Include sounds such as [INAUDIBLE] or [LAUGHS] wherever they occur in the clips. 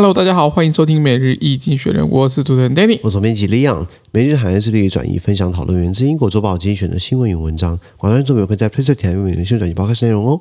Hello，大家好，歡迎收聽每日一經濟學人，我是主持人 Danny，我是編輯 Leon。每日海外時事與轉移分享討論，源自英國《周報》精選的新聞與文章，觀眾朋友可以在 Facebook 頁面留言，新聞轉移報看內容哦。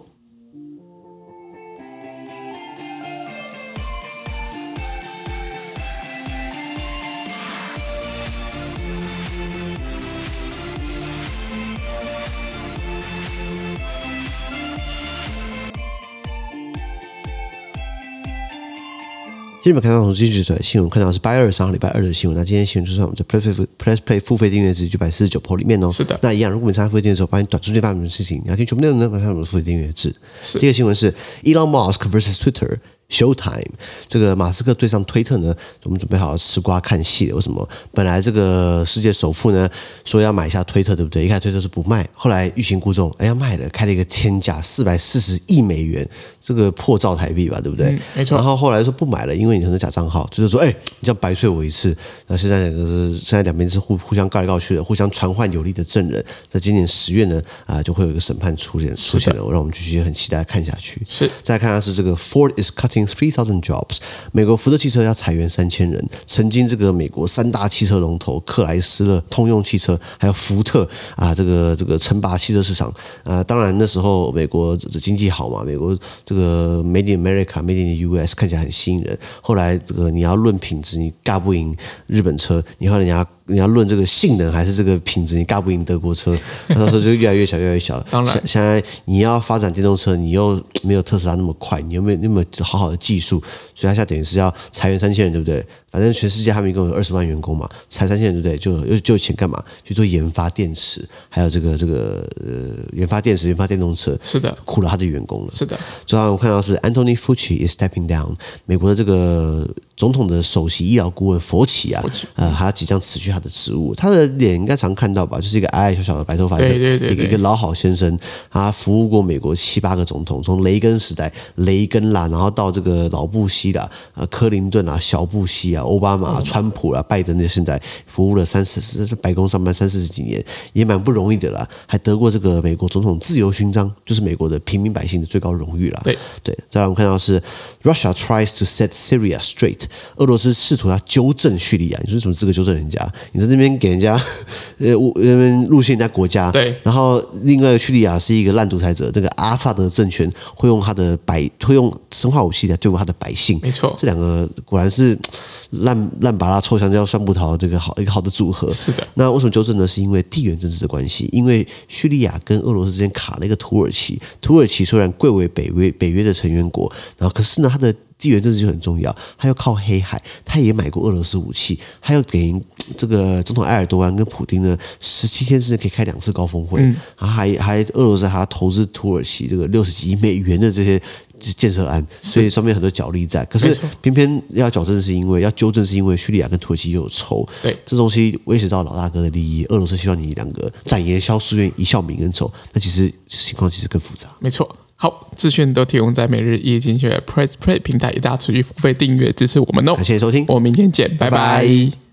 今天你們看到我們經濟學的新聞，看到是8月23號禮拜二的新聞。那今天新聞就是我們 play play 是的 Press Play 付費訂閱制就擺949 o 裡面哦。是的。那一樣，如果你參加付費訂閱的時候，把你短時間發生的事情，你要聽全部內容，內容，那我們的付費訂閱制。第一個新聞是 Elon Musk versus Twitter。Showtime！這個馬斯克對上推特呢，我們準備好吃瓜看戲。為什麼？本來這個世界首富呢，說要買一下推特，對不對？一開始推特是不賣，後來欲擒故縱，哎、欸、要賣了，開了一個天價，四百四十億美元，這個破兆台幣吧，對不對？嗯、沒錯。然後後來說不買了，因為你很多假賬號，就是說，說，哎、欸，你這樣白睡我一次。那、呃、現在是、呃、現在兩邊是互互相告來告去的，互相傳喚有力的證人。在今年十月呢，啊、呃，就會有一個審判出現出現了，啊、我讓我們繼續很期待看下去。是，再看下是這個 Ford is cutting Three thousand jobs，美國福特汽車要裁員三千人。曾經這個美國三大汽車龍頭克萊斯勒、通用汽車還有福特啊、呃，這個這個稱霸汽車市場。啊、呃，當然那時候美國這經濟好嘛，美國這個 Made in America, Made in the U.S. 看起來很吸引人。後來這個你要論品質，你幹不贏日本車；你和人家你要論這個性能還是這個品質，你幹不贏德國車。那時候就越來越小， [LAUGHS] 越來越小。當然，現在你要發展電動車，你又沒有特斯拉那麼快，你又沒有那麼好好。技術，所以他現在等於是要裁員三千人，對不對？反正全世界他們一共有二十萬員工嘛，裁三千人，對不對？就又就有錢幹嘛？去做研發電池，還有這個這個呃，研發電池、研發電動車，是的，苦了他的員工了，是的。昨晚我看到是 Anthony Fauci is stepping down，美國的這個。總統的首席醫療顧問佛奇啊，呃，他即將辭去他的職務。他的臉應該常看到吧？就是一個矮矮小小的白頭髮，一個一個老好先生，他服務過美國七八個總統，從雷根時代雷根啦，然後到這個老布希啦、呃，柯林頓啊、小布希啊、奧巴馬、啊、川普啦、啊、拜登，現在服務了三四十白宮上班三四十幾年，也蠻不容易的啦。還得過這個美國總統自由勳章，就是美國的平民百姓的最高榮譽啦。對，再來我們看到是 Russia tries to set Syria straight。俄羅斯試圖要糾正敘利亞，你說有什麼資格糾正人家？你在那邊給人家，呃，那邊入侵人家國家，對。然後另外敘利亞是一個爛獨裁者，這、那個阿薩德政權會用他的百會用生化武器來對付他的百姓。沒錯，這兩個果然是爛爛巴拉臭香蕉酸葡萄這個好一個好的組合。是的。那為什麼糾正呢？是因為地緣政治的關係，因為敘利亞跟俄羅斯之間卡了一個土耳其。土耳其雖然貴為北約北約的成員國，然後可是呢，它的。地緣政治就很重要，他要靠黑海，他也買過俄羅斯武器，他要給這個總統埃爾多安跟普京呢，十七天之內可以開兩次高峰會，嗯、還還俄羅斯還要投資土耳其這個六十幾億美元的這些建設案，所以上面很多角力在。是可是偏偏要矯正，是因為要糾正是因為敘利亞跟土耳其又有仇，對，這東西威脅到老大哥的利益，俄羅斯希望你兩個展顏消夙怨，一笑泯恩仇，那其實情況其實更複雜，沒錯。好，資訊都提供在每日一經濟學人 Press Play 平台，一大持續付費訂閱支持我們哦。感謝、謝收聽，我們明天見，拜拜。拜拜。